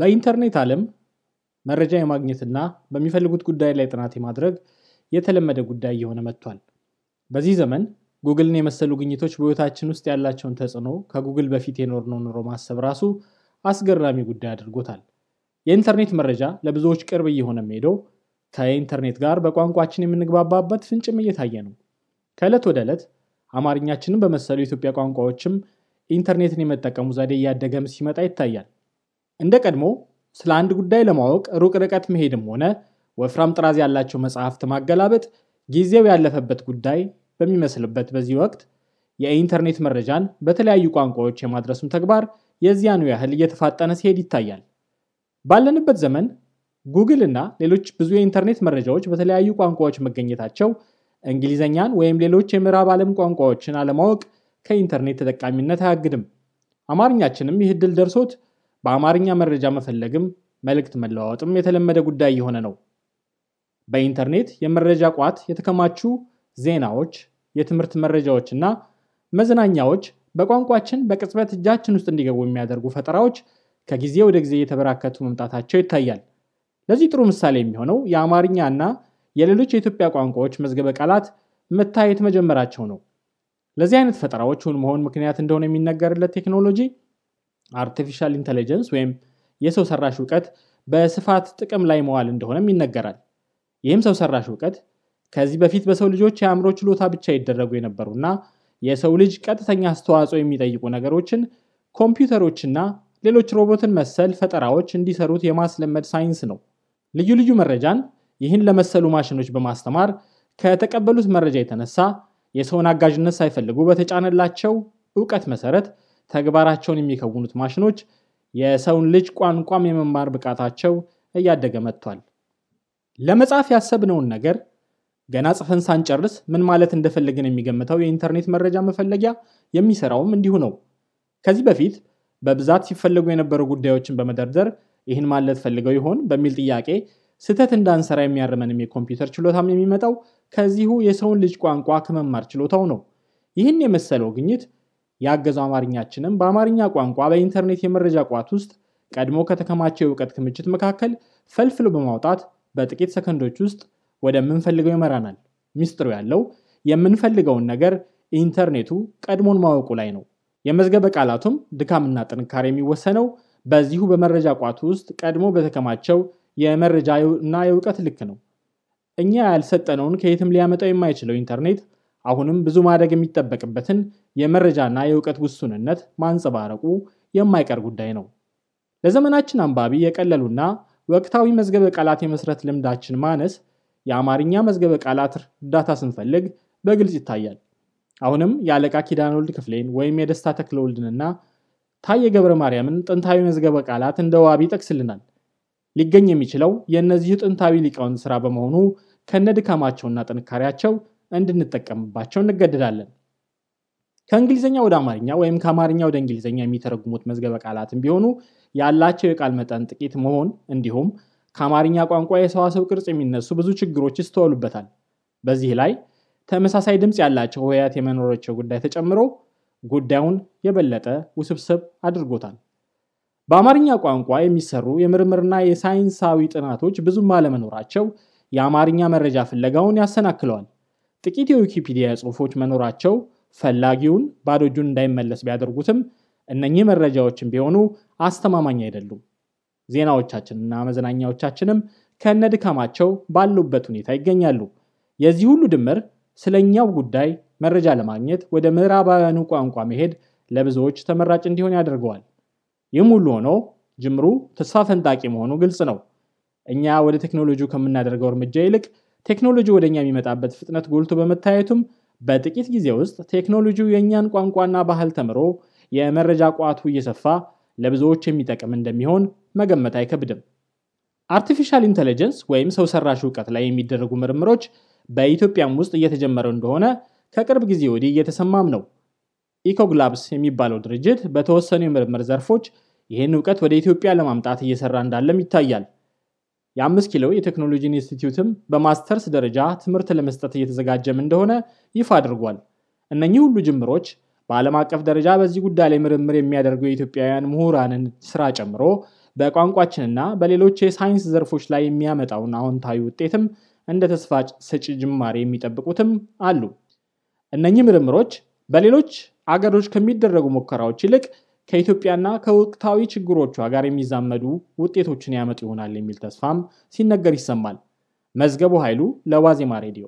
በኢንተርኔት ዓለም መረጃ የማግኘትና በሚፈልጉት ጉዳይ ላይ ጥናት የማድረግ የተለመደ ጉዳይ እየሆነ መጥቷል። በዚህ ዘመን ጉግልን የመሰሉ ግኝቶች በሕይወታችን ውስጥ ያላቸውን ተጽዕኖ ከጉግል በፊት የኖርነው ኑሮ ማሰብ ራሱ አስገራሚ ጉዳይ አድርጎታል። የኢንተርኔት መረጃ ለብዙዎች ቅርብ እየሆነ ሄደው ከኢንተርኔት ጋር በቋንቋችን የምንግባባበት ፍንጭም እየታየ ነው። ከዕለት ወደ ዕለት አማርኛችንን በመሰሉ የኢትዮጵያ ቋንቋዎችም ኢንተርኔትን የመጠቀሙ ዘዴ እያደገም ሲመጣ ይታያል። እንደ ቀድሞ ስለ አንድ ጉዳይ ለማወቅ ሩቅ ርቀት መሄድም ሆነ ወፍራም ጥራዝ ያላቸው መጽሐፍት ማገላበጥ ጊዜው ያለፈበት ጉዳይ በሚመስልበት በዚህ ወቅት የኢንተርኔት መረጃን በተለያዩ ቋንቋዎች የማድረሱም ተግባር የዚያኑ ያህል እየተፋጠነ ሲሄድ ይታያል። ባለንበት ዘመን ጉግል እና ሌሎች ብዙ የኢንተርኔት መረጃዎች በተለያዩ ቋንቋዎች መገኘታቸው እንግሊዝኛን ወይም ሌሎች የምዕራብ ዓለም ቋንቋዎችን አለማወቅ ከኢንተርኔት ተጠቃሚነት አያግድም። አማርኛችንም ይህ ድል ደርሶት በአማርኛ መረጃ መፈለግም መልእክት መለዋወጥም የተለመደ ጉዳይ የሆነ ነው። በኢንተርኔት የመረጃ ቋት የተከማቹ ዜናዎች፣ የትምህርት መረጃዎች እና መዝናኛዎች በቋንቋችን በቅጽበት እጃችን ውስጥ እንዲገቡ የሚያደርጉ ፈጠራዎች ከጊዜ ወደ ጊዜ እየተበራከቱ መምጣታቸው ይታያል። ለዚህ ጥሩ ምሳሌ የሚሆነው የአማርኛ እና የሌሎች የኢትዮጵያ ቋንቋዎች መዝገበ ቃላት መታየት መጀመራቸው ነው። ለዚህ አይነት ፈጠራዎች እውን መሆን ምክንያት እንደሆነ የሚነገርለት ቴክኖሎጂ አርቲፊሻል ኢንቴሊጀንስ ወይም የሰው ሰራሽ እውቀት በስፋት ጥቅም ላይ መዋል እንደሆነም ይነገራል። ይህም ሰው ሰራሽ እውቀት ከዚህ በፊት በሰው ልጆች የአእምሮ ችሎታ ብቻ ይደረጉ የነበሩና የሰው ልጅ ቀጥተኛ አስተዋጽኦ የሚጠይቁ ነገሮችን ኮምፒውተሮችና ሌሎች ሮቦትን መሰል ፈጠራዎች እንዲሰሩት የማስለመድ ሳይንስ ነው። ልዩ ልዩ መረጃን ይህን ለመሰሉ ማሽኖች በማስተማር ከተቀበሉት መረጃ የተነሳ የሰውን አጋዥነት ሳይፈልጉ በተጫነላቸው እውቀት መሰረት ተግባራቸውን የሚከውኑት ማሽኖች የሰውን ልጅ ቋንቋም የመማር ብቃታቸው እያደገ መጥቷል። ለመጻፍ ያሰብነውን ነገር ገና ጽፈን ሳንጨርስ ምን ማለት እንደፈለግን የሚገምተው የኢንተርኔት መረጃ መፈለጊያ የሚሰራውም እንዲሁ ነው። ከዚህ በፊት በብዛት ሲፈለጉ የነበሩ ጉዳዮችን በመደርደር ይህን ማለት ፈልገው ይሆን በሚል ጥያቄ ስህተት እንዳንሰራ የሚያርመንም የኮምፒውተር ችሎታም የሚመጣው ከዚሁ የሰውን ልጅ ቋንቋ ከመማር ችሎታው ነው። ይህን የመሰለው ግኝት ያገዘው አማርኛችንም በአማርኛ ቋንቋ በኢንተርኔት የመረጃ ቋት ውስጥ ቀድሞ ከተከማቸው የእውቀት ክምችት መካከል ፈልፍሎ በማውጣት በጥቂት ሰከንዶች ውስጥ ወደምንፈልገው ይመራናል። ሚስጥሩ ያለው የምንፈልገውን ነገር ኢንተርኔቱ ቀድሞን ማወቁ ላይ ነው። የመዝገበ ቃላቱም ድካምና ጥንካሬ የሚወሰነው በዚሁ በመረጃ ቋቱ ውስጥ ቀድሞ በተከማቸው የመረጃ እና የእውቀት ልክ ነው። እኛ ያልሰጠነውን ከየትም ሊያመጣው የማይችለው ኢንተርኔት አሁንም ብዙ ማደግ የሚጠበቅበትን የመረጃና የእውቀት ውሱንነት ማንጸባረቁ የማይቀር ጉዳይ ነው። ለዘመናችን አንባቢ የቀለሉና ወቅታዊ መዝገበ ቃላት የመስረት ልምዳችን ማነስ የአማርኛ መዝገበ ቃላት እርዳታ ስንፈልግ በግልጽ ይታያል። አሁንም የአለቃ ኪዳን ወልድ ክፍሌን ወይም የደስታ ተክለ ወልድንና ታየ ገብረ ማርያምን ጥንታዊ መዝገበ ቃላት እንደ ዋቢ ጠቅስልናል። ሊገኝ የሚችለው የእነዚሁ ጥንታዊ ሊቃውንት ስራ በመሆኑ ከነድካማቸውና ጥንካሬያቸው እንድንጠቀምባቸው እንገደዳለን። ከእንግሊዝኛ ወደ አማርኛ ወይም ከአማርኛ ወደ እንግሊዝኛ የሚተረጉሙት መዝገበ ቃላትም ቢሆኑ ያላቸው የቃል መጠን ጥቂት መሆን እንዲሁም ከአማርኛ ቋንቋ የሰዋሰው ቅርጽ የሚነሱ ብዙ ችግሮች ይስተዋሉበታል። በዚህ ላይ ተመሳሳይ ድምፅ ያላቸው ሆሄያት የመኖራቸው ጉዳይ ተጨምሮ ጉዳዩን የበለጠ ውስብስብ አድርጎታል። በአማርኛ ቋንቋ የሚሰሩ የምርምርና የሳይንሳዊ ጥናቶች ብዙም አለመኖራቸው የአማርኛ መረጃ ፍለጋውን ያሰናክለዋል። ጥቂት የዊኪፒዲያ ጽሑፎች መኖራቸው ፈላጊውን ባዶ እጁን እንዳይመለስ ቢያደርጉትም እነኚህ መረጃዎችን ቢሆኑ አስተማማኝ አይደሉም። ዜናዎቻችንና መዝናኛዎቻችንም ከነድካማቸው ባሉበት ሁኔታ ይገኛሉ። የዚህ ሁሉ ድምር ስለኛው ጉዳይ መረጃ ለማግኘት ወደ ምዕራባውያኑ ቋንቋ መሄድ ለብዙዎች ተመራጭ እንዲሆን ያደርገዋል። ይህም ሁሉ ሆኖ ጅምሩ ተስፋ ፈንጣቂ መሆኑ ግልጽ ነው። እኛ ወደ ቴክኖሎጂው ከምናደርገው እርምጃ ይልቅ ቴክኖሎጂ ወደ የሚመጣበት ፍጥነት ጎልቶ በመታየቱም በጥቂት ጊዜ ውስጥ ቴክኖሎጂው የእኛን ቋንቋና ባህል ተምሮ የመረጃ ቋቱ እየሰፋ ለብዙዎች የሚጠቅም እንደሚሆን መገመት አይከብድም። አርቲፊሻል ኢንቴሊጀንስ ወይም ሰው ሰራሽ እውቀት ላይ የሚደረጉ ምርምሮች በኢትዮጵያም ውስጥ እየተጀመረ እንደሆነ ከቅርብ ጊዜ ወዲህ እየተሰማም ነው። ኢኮግላብስ የሚባለው ድርጅት በተወሰኑ የምርምር ዘርፎች ይህን እውቀት ወደ ኢትዮጵያ ለማምጣት እየሰራ እንዳለም ይታያል። የአምስት ኪሎ የቴክኖሎጂ ኢንስቲትዩትም በማስተርስ ደረጃ ትምህርት ለመስጠት እየተዘጋጀም እንደሆነ ይፋ አድርጓል። እነኚህ ሁሉ ጅምሮች በዓለም አቀፍ ደረጃ በዚህ ጉዳይ ላይ ምርምር የሚያደርጉ የኢትዮጵያውያን ምሁራንን ስራ ጨምሮ በቋንቋችንና በሌሎች የሳይንስ ዘርፎች ላይ የሚያመጣውን አዎንታዊ ውጤትም እንደ ተስፋ ሰጪ ጅማሬ የሚጠብቁትም አሉ። እነኚህ ምርምሮች በሌሎች አገሮች ከሚደረጉ ሙከራዎች ይልቅ ከኢትዮጵያና ከወቅታዊ ችግሮቿ ጋር የሚዛመዱ ውጤቶችን ያመጡ ይሆናል የሚል ተስፋም ሲነገር ይሰማል። መዝገቡ ኃይሉ ለዋዜማ ሬዲዮ